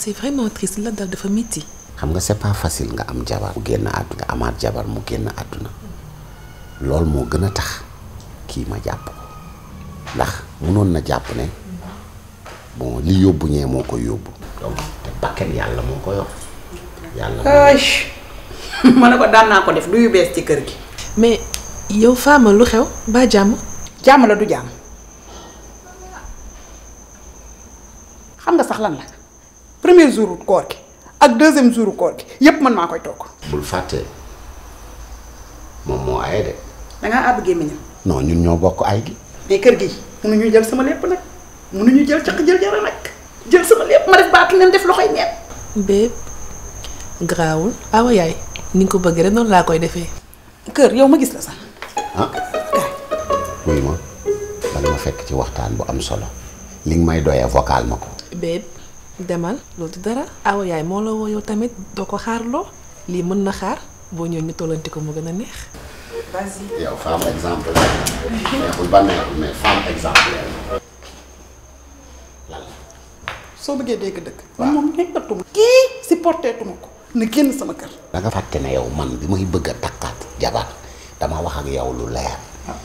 c'est vraiment triste la dal dafa metti xam nga c'est pas nga am jabar mu génn àdduna nga amaat jabar mu génn àdduna loolu moo gën a tax kii ma jàpp ko ndax mënoon na jàpp ne bon li yóbbu ñee moo ko yóbbu. donc te bakkan yàlla moo ko yor yàlla. ma ne ko daan ko def du yu bees ci kër gi. mais yow faama lu xew ba jàmm. jàmm la du jàmm xam nga sax lan la. premier jour koor gi ak deuxième jour koor gi yépp man maa koy togg. bul fàtte moom moo aaye de. da ngaa àbb gémmiñam. non ñun ñoo bokk ay gi. mais kër gi mënuñu jël sama lépp nag mënuñu jël caq jël jara nag jël sama lépp ma def baatu neen def loxoy neen. bépp garaawul awa yaay ni nga ko bëggee rek noonu laa koy defee. kër yow ma gis la sax. ah ma danga fekk ci waxtaan bu am solo li nga may doyee vocal ma ko. bépp demal loolu du dara awa yaay moo la woo yow tamit doo ko xaarloo lii mën na xaar boo ñëw ñu tollanti ko mu gën a neex. vas yow femme exemple neexul ba neexul mais femme exemple lan soo bëggee dégg dëgg. waaw moom nekkatuma ko na génn sama kër. da nga fàtte ne yow man bi muy bëgg a takkaat jabar dama wax ak yow lu leer ah.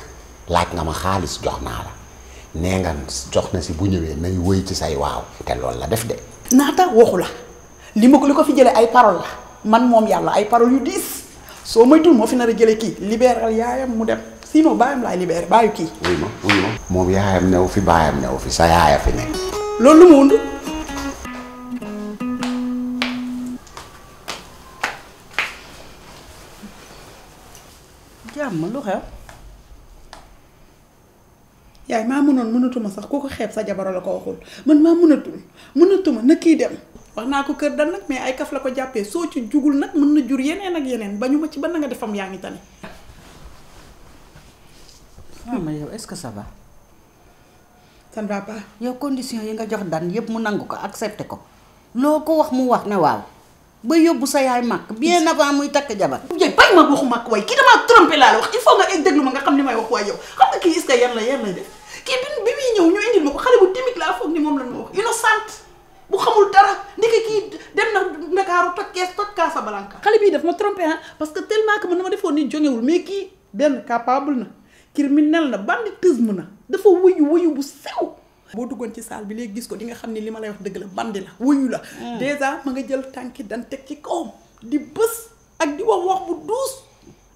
laaj nga ma xaalis jox naa la nee nga jox na si bu ñëwee nay wëy ci say waaw te loolu la def de. naata waxu la li ma ko li ko fi jëlee ay parole la man moom yàlla ay parole yu diis soo moytul moo fi nar a jëlee kii libéral yaayam mu dem sinon baayam laay libéré baayu kii. wuy ma wuy ma moom yaayam newu fi baayam newu fi sa yaaya fi nekk. loolu lu mu wund. jàmm lu xew. yaay maa mënoon mënatuma sax ku ko xeeb sa jabaro la ko waxul man maa mënatul mënatuma na kii dem wax naa ko kër dan nag mais ay kaf la ko jàppee soo ci jugul nag mën na jur yeneen ak yeneen ba ñu ma ci ba na nga defam yaa ngi tane ah, maman yow est-ce que sa va ça ne va pas condition yi nga jox dan yëpp mu nangu ko accepté ko loo ko wax mu wax ne waaw ba yóbbu sa yaay màkk bien avant muy takk jabar yoy bàyyi ma waxu màkk waaye kii damaa trompé laa la wax il faut nga déglu ma nga xam ni may wax waaye yow xam nga kii est-ce la yan la def kii bi bi muy ñëw ñu indil ma ko xale bu timide laa foog ni moom lan ma wax innocente bu xamul dara ndeke kii dem na Ndakaaru toj kees toj Casablanca xale bii daf ma trompé ah parce que tellement que man na ma defoon ni jógewul mais kii benn capable na criminel na banditisme dafa wuyu boo duggoon ci salle bi léegi gis ko di nga xam ni li ma lay wax dëgg la bandi la wuyu la hmm. dèjà ma nga jël tànki dan teg ci kawam di bës ak di wax wax bu duus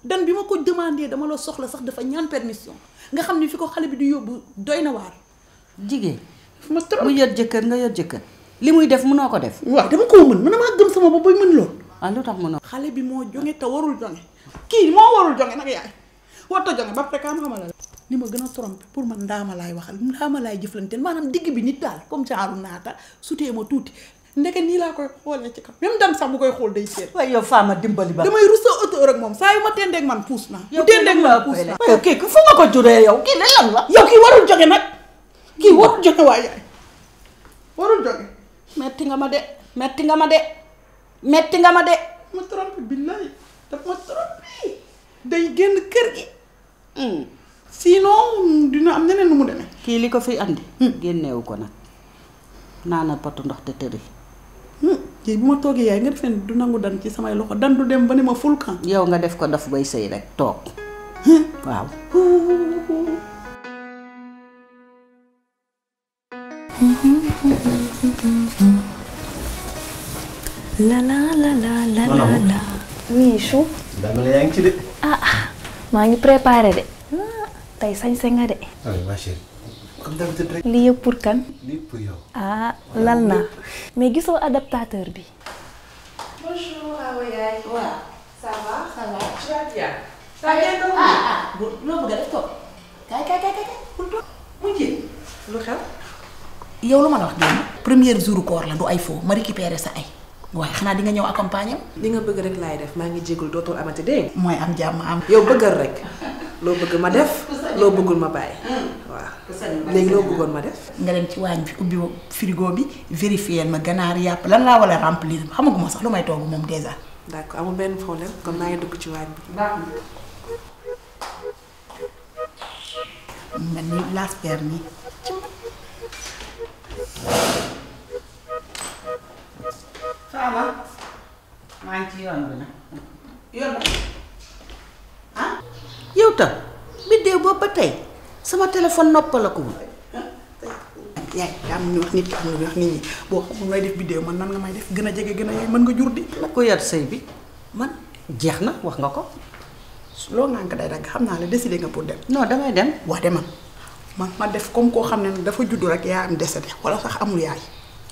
dan bi ma ko demandé dama la soxla sax dafa ñaan permission nga xam ni fi ko xale bi di yóbbu doy na waar jigéen ma trop mu yor jëkkër nga yor jëkkër li muy def mënoo ko def waaw dama koo mën mën maa gëm sama bopp bay mën loolu waaw ah, lu tax mënoo xale bi moo jonge te warul jonge kii moo warul jonge nag yaay warta jonge ba pare kaa ma xamal la li ma gën a trompé pour man ndaama laay waxal ndaama laay jëflanteel maanaam digg bi nit daal comme caaru naata sutee ma tuuti ndeke nii laa koy xoolee ci kaw même sax bu koy xool day seet waaye yow faama dimbali ba damay rus sa oto rek moom saa yu ma tendeeg man puus naa bu tendeeg man puus naa yow kii fu nga ko juree yow kii lan la yow kii warul joge nag kii metti nga ma de metti nga ma de metti nga ma de ma trompé billaay daf ma trompé day génn kër gi hmm. sinon dina am neneen nu mu demee. kii li ko fi andi. Hmm. génneewu ko nag naana potu ndox te tëri. yéen hmm. bu ma toogee yaay nga defee du nangu dan ci samay loxo dan du dem ba ne ma fulkan. yow nga def ko daf bay sëy rek toog hmm. waaw. la la la la ngi ci de. ah ah maa ngi préparé de. tey sañse nga de. Ah oui ma yëpp pour kan. lii pour yow. ah lal naa. mais gisoo adaptateur bi. bonjour. waaw ça va. ça va tu vas bien. ça va ah ah a def bul toog mu lu xew. yow lu ma la wax démb. premier jour koor la du ay fo ma récupéré sa ay. waaye xanaa di nga ñëw accompagner li nga bëgg rek laay def maa ngi jégul dootul amati dégg mooy am jàmm am. yow bëggal rek loo bëgg ma def. loo bëggul ma bàyyi. Hmm. waaw léegi loo bëggoon ma def. nga dem ci waañ bi ubbi frigo bi vérifier ma ganaar yàpp lan laa war a remplir xamaguma sax lu may togg moom déjà. d'accord amul benn problème kon maa ngi dugg ci waañ bi. baax na. man laas per nii. maa ngi ci yoon bi nag. fa noppalaku yaay am nit am ñu wax nit ñi boo xamul def vidéo man nan nga may def gën a jege gën a yooyu mën nga jur di la ko yar sëy bi man jeex na wax nga ko loo naan ko day dagg xam naa la décidé nga pour dem non damay dem waa demal man ma def comme koo xam ne dafa juddu rek yaa am dese décédé wala sax amul yaay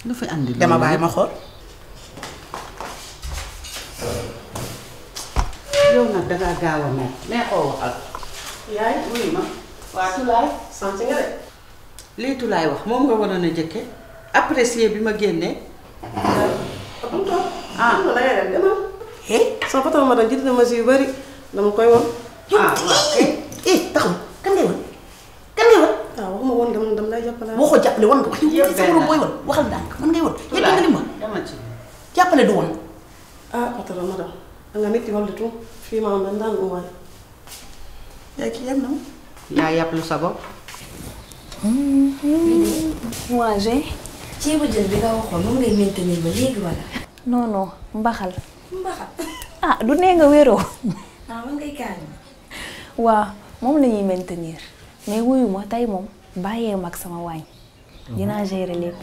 lu fi andi dama bàyyi ma xool yow nag waa Tulaay sant wax moom nga waroon a jëkke apprécier bi ma génnee. ah bu eh? sama patron ma doon jënd na mesure yu bari dama koy won. ah waaw kay eh. eh taxaw kan ngay woon ah, dama dama lay jàppale. boo ko jàppale wan nga wax. yëpp benn la booy man ngay won. Tulaay yëpp nga dama ci. jàppale du won. ah patron ma doon. nga nit yi fii ma am daan mu waay. yaa ngi ciy na yaa yàppalu sa bopp. bi nga waxoon mbaxal. mbaxal. ah du nee nga wéroo. Ah, waaw moom lañuy ñuy maintenir mais wuyu ma tey moom bàyyee mag sama waañ. dinaa gérer lépp.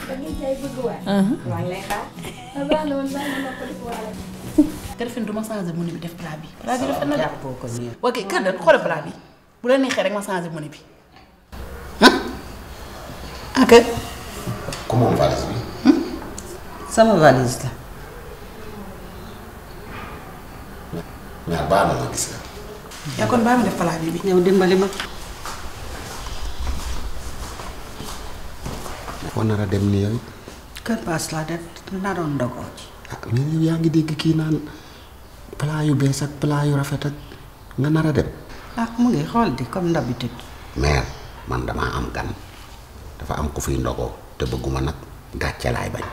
Ah, mhm. ah, téléphone du ma changé menu bi def plat bi. plat bi dafa na ok kër da xoolal plat bi. bu la neexee rek ma changé monnaie bi ah ok. comment valise bi. sama valise la. ñaar baax na ma gis nga. yaa kon baax ma def palaat bi. ñëw dimbali ma. foo nar dem ni yow. kër paas ah, yu bees ak plat yu rafet ak nga nar dem. ah mu ngi xool di comme d'habitude. mère man damaa am gan dafa am ku fiy ndogoo te bëgguma nag gàcce laay bañ.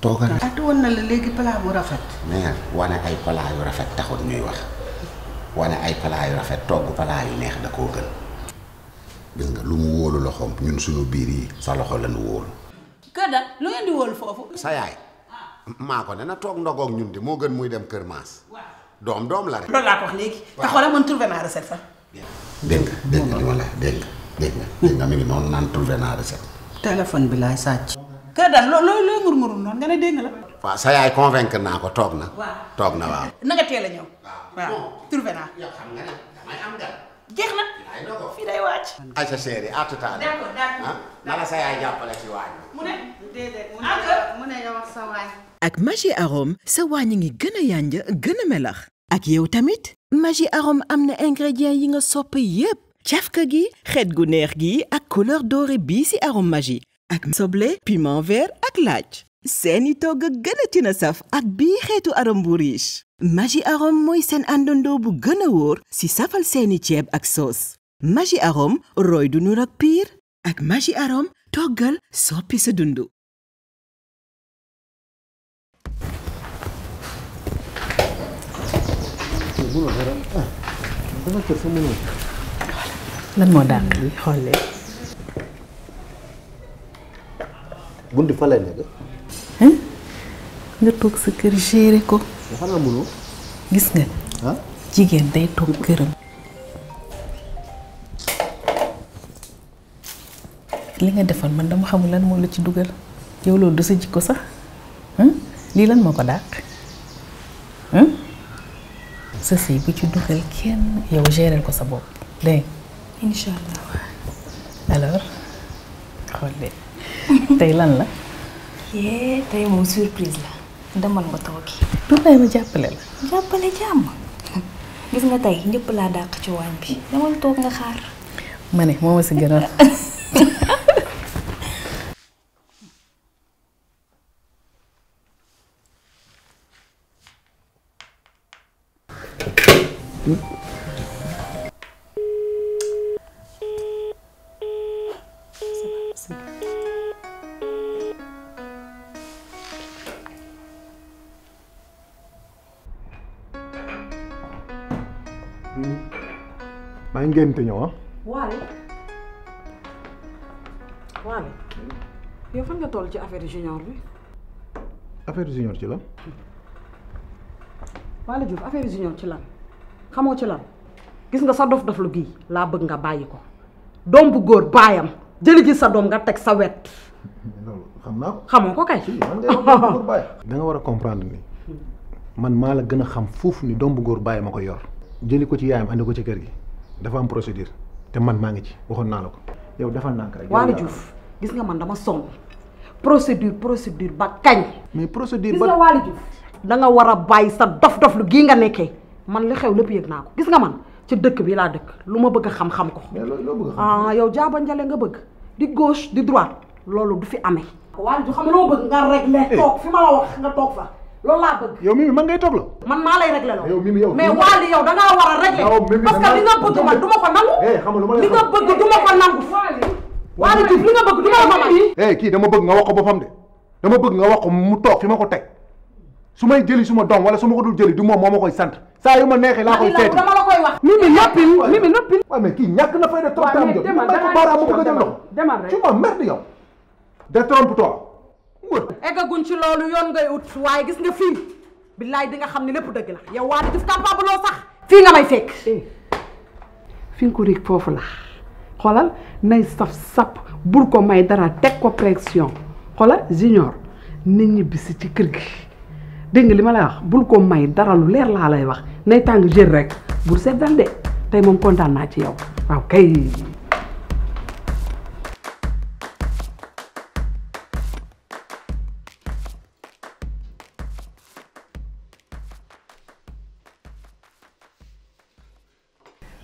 toog ah, na at la léegi plat bu rafet. mère wane ay plat yu rafet taxut ñuy wax wane ay plat yu rafet togg plat yu neex da koo gën. gis nga lu mu wóolu loxoom ñun suñu biir yi sa loxo lañu wóolu. kër da lu ngeen di foofu. sa yaay maa ko ne na toog ndogoog ñun di moo gën muy dem kër maas. doom doom la rek. loolu laa ko wax naa recette sax. dégg dégg nga li ma dégg nga dégg naa recette. téléphone bi laay sàcc. kër daal loo loo loo murmuru nga ne dégg nga la. ko toog na. toog na waaw. na jeex na fii day wàcc. sa waañ. mu ngi gën a yànj melax. ak yow tamit Maggi arom am na ingrédients yi nga sopp yépp cafka gi xeet gu neex gi ak couleur doore bii ci arôme ak soble piment ver ak laaj seeni togg gën tina saf ak bi xeetu arôme bu riche Maggi arôme mooy seen àndandoo bu gën a wóor ci safal seeni ceeb ak soos Maggi arôme roy du nur ak piir ak Maggi arôme toggal soppi sa dundu lan moo dàq li xoolee. buntu fa lay nga toog sa kër géré ko. gis nga. jigéen day toog këram. li nga defal man dama xamul lan moo la ci dugal yow loolu du sa jikko sax lii lan moo ko dàq. sa sëy bu ci dugal kenn yow gérer ko sa bopp dégg nga. incha allah. lan la. yee tey moom surprise la demal nga toogi. du tey ma jàppale la. jàppale jàmm. gis nga tey ñëpp laa dàq ci waañ bi. demal toog nga xaar. ma ne moo ma si gënal. maa ngi génn te ñëw waale waale yow ci affaire junior bi. affaire junior ci lan. waale Diouf affaire junior ci lan. xamoo ci lan gis nga sa dof-dof lu gii laa bëgg nga bàyyi ko doom bu góor baayam jëli ji sa doom nga teg sa wet. xam naa ko. xamoo ko kay. da nga war a comprendre ni man maa la gën a xam foofu ni doom bu góor baayam a ko yor. jëli ko ci yaayam andi ko ci kër gi dafa am procédure te man maa ngi ci waxoon naa la ko. yow defal naa rek. Waly Diouf gis nga man dama sonn procédure procédure ba kañ. mais procédure ba gis nga Waly war a bàyyi sa dof-dof lu gii nga nekkee. man li xew lépp yëg naa ko gis nga man ci dëkk bi laa dëkk lu ma bëgg a xam-xam ko ah yow jaaba njale nga bëgg di gauche di droite loolu du fi amee waaye ju xam loo bëgg nga réglé eh. toog toog fa loolu laa bëgg yow mimi man ngay toog la man maa lay réglé loolu mais waali yow da ngaa war a réglé parce que li nga bëgg man du ma ko nangu eh, li nga bëgg du ma ko nangu waali jif li nga bëgg du ma la ko eh, kii dama bëgg nga wax ko boppam de dama bëgg nga wax mu toog fi ma ko teg su may jëli suma ma doom wala su ma ko dul jëli du moom moo ma koy sant saa yu ma neexee laa koy seeti dama la koy wax mimi noppil mimi noppil waaw mais kii ñàkk na fay de trop tam jëm may ko baaraam ci loolu yoon ngay ut waaye gis nga fii billaay di nga xam ne lépp dëgg la yow waa di def capable loo sax fii nga may fekk eh. fi nga ko rig foofu la xoolal nay saf sap bul ko may dara teg ko pression xoolal junior nit ñi ci kër gi dégg li ma lay wax bul ko may dara lu leer laa lay wax nay tàng jër rek bul seddal de tey moom kontaan naa ci yow waaw kay.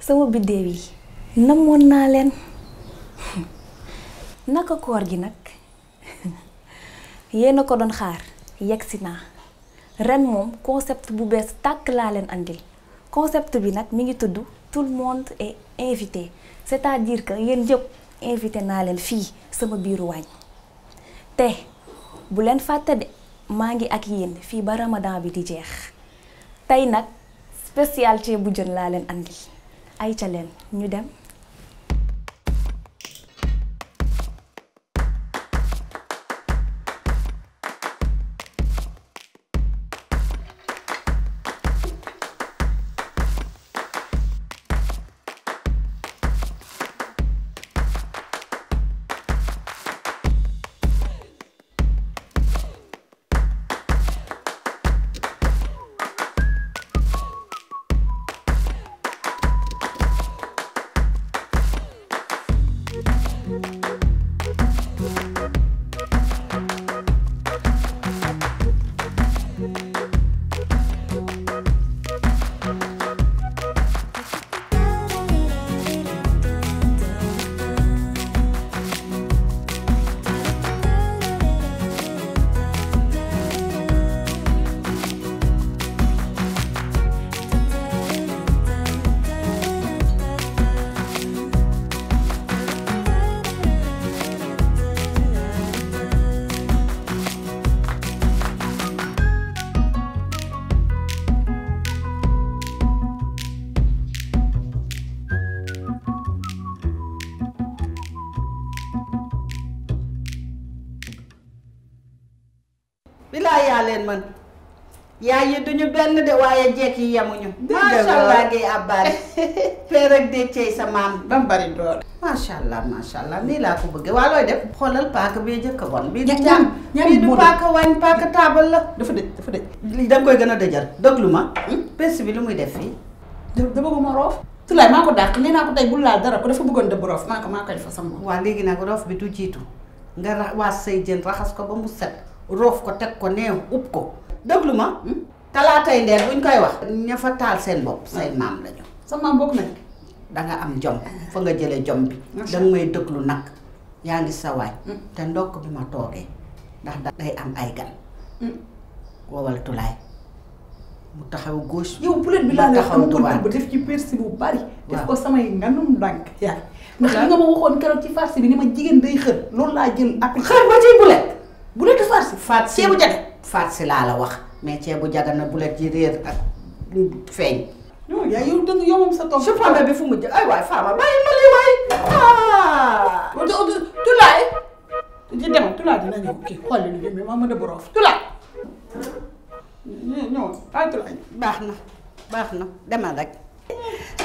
sama biddéew yi namoon naa leen naka koor gi nag yéen ko doon xaar yegsi naa. ren moom concept bu bees tàkk laa leen andil concept bi nag mi ngi tudd tout le monde est invité c'est-à-dire que yéen yëpp invité naa leen fii sama biiru waañ te bu leen fàtte de maa ngi ak yéen fii ba ramadan bi di jeex tey nag spécialité bu jën laa leen andil ay ca leen ñu dem ilaa yaa leen man yaay yi duñu benn de waaye jeet yi yemuñu. macha allah ngay abbaari. père ak déccey sa maam. ba mu bari doole. macha allah macha allah nii laa ko bëggee waa looy def. xoolal paaka bee jëkk bon bii. ñam ñam bii du paaka wañ paaka taabal la. dafa dëj dafa dëj. lii koy gën a dëjal déglu ma. Hmm? pes bi lu muy def fii. da bëggu ma roof. Tulaay maa ko dàq nee naa ko tey bul laal dara ko dafa bëggoon dëbb roof maa ko maa koy fa sama. waa bi du jiitu nga raxas say jën raxas ko ba mu set. roof ko teg ko neew upp ko déglu ma hmm? talaatay ndeer buñ koy wax ña fa taal seen bopp say maam lañu sa maam bokk nañ danga am jom fa nga jële jom bi danga may déglu nag yaa ngi sa waay hmm. te ndokk bi ma toogee ndax day am ay gan hmm. woowal tulaay taxaw gauche. yow poulet bi laa taxaw tubaab bu def ci persi bu bari. def ko samay nganum ndànk yaa ndax li nga ma waxoon keroog ci farce bi ni ma jigéen day xër loolu laa jël ak xër ba ci poulet. bu la faat si faat si ceebu jaga faat laa la wax mais ceebu jaga na bu la ji réer ak feeñ. yow yaa yow dëgg yow moom sa tool. supame bi fu mu ay waay faama bàyyi ma lii waay a boroof tulaay. ñëw ah baax na baax na demal rek.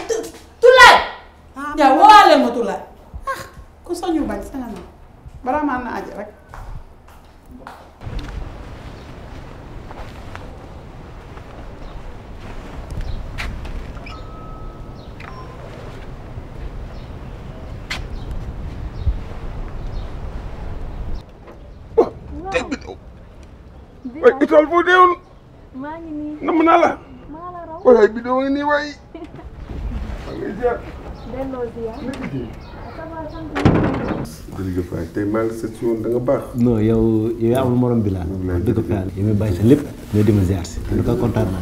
tu tulaay. ah waaw ma tulaay. ah ku soñu bañ sa na balaa maa na aji rek. waay itol foo deewul. maa ngi nii namm naa la. maa bi doo ngi nii waay. maa ngi ziar. tey maa ngi seet woon da baax. non yow yow amul morom bi laa. dëgg fa yàlla yow mi bàyyi sa lépp. ñoo dem ziar si. en tout cas kontaan naa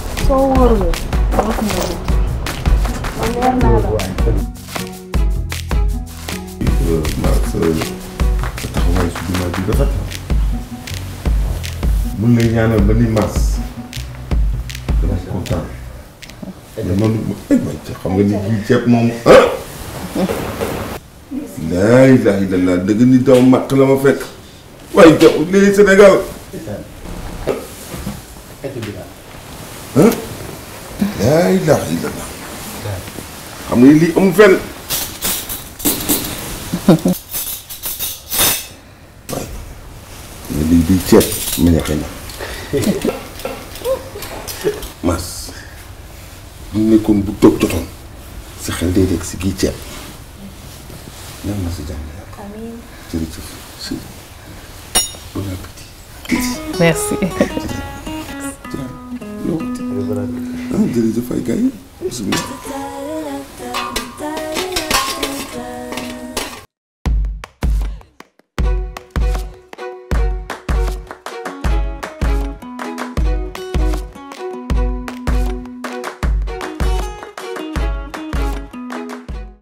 soo wóorul wax nga ko man leer naa la. taxawaay su jumaa bi rafet la mun lay ñaanal ba ni maas dama kontaan mais noonu xam nga ni ji ceeb moomu ah. laa ilaaha illallaah dëgg ni daw màq la ma fekk waaye jaw lii Sénégal. laa ilaaha illallah xam nga lii amul mas bu nekkoon bu toog jotoon sa xel day nekk si gii ceeb ñam na si jàmm yàgg jërëjëf si bon appétit jërëjëf ay gars yi bisimilah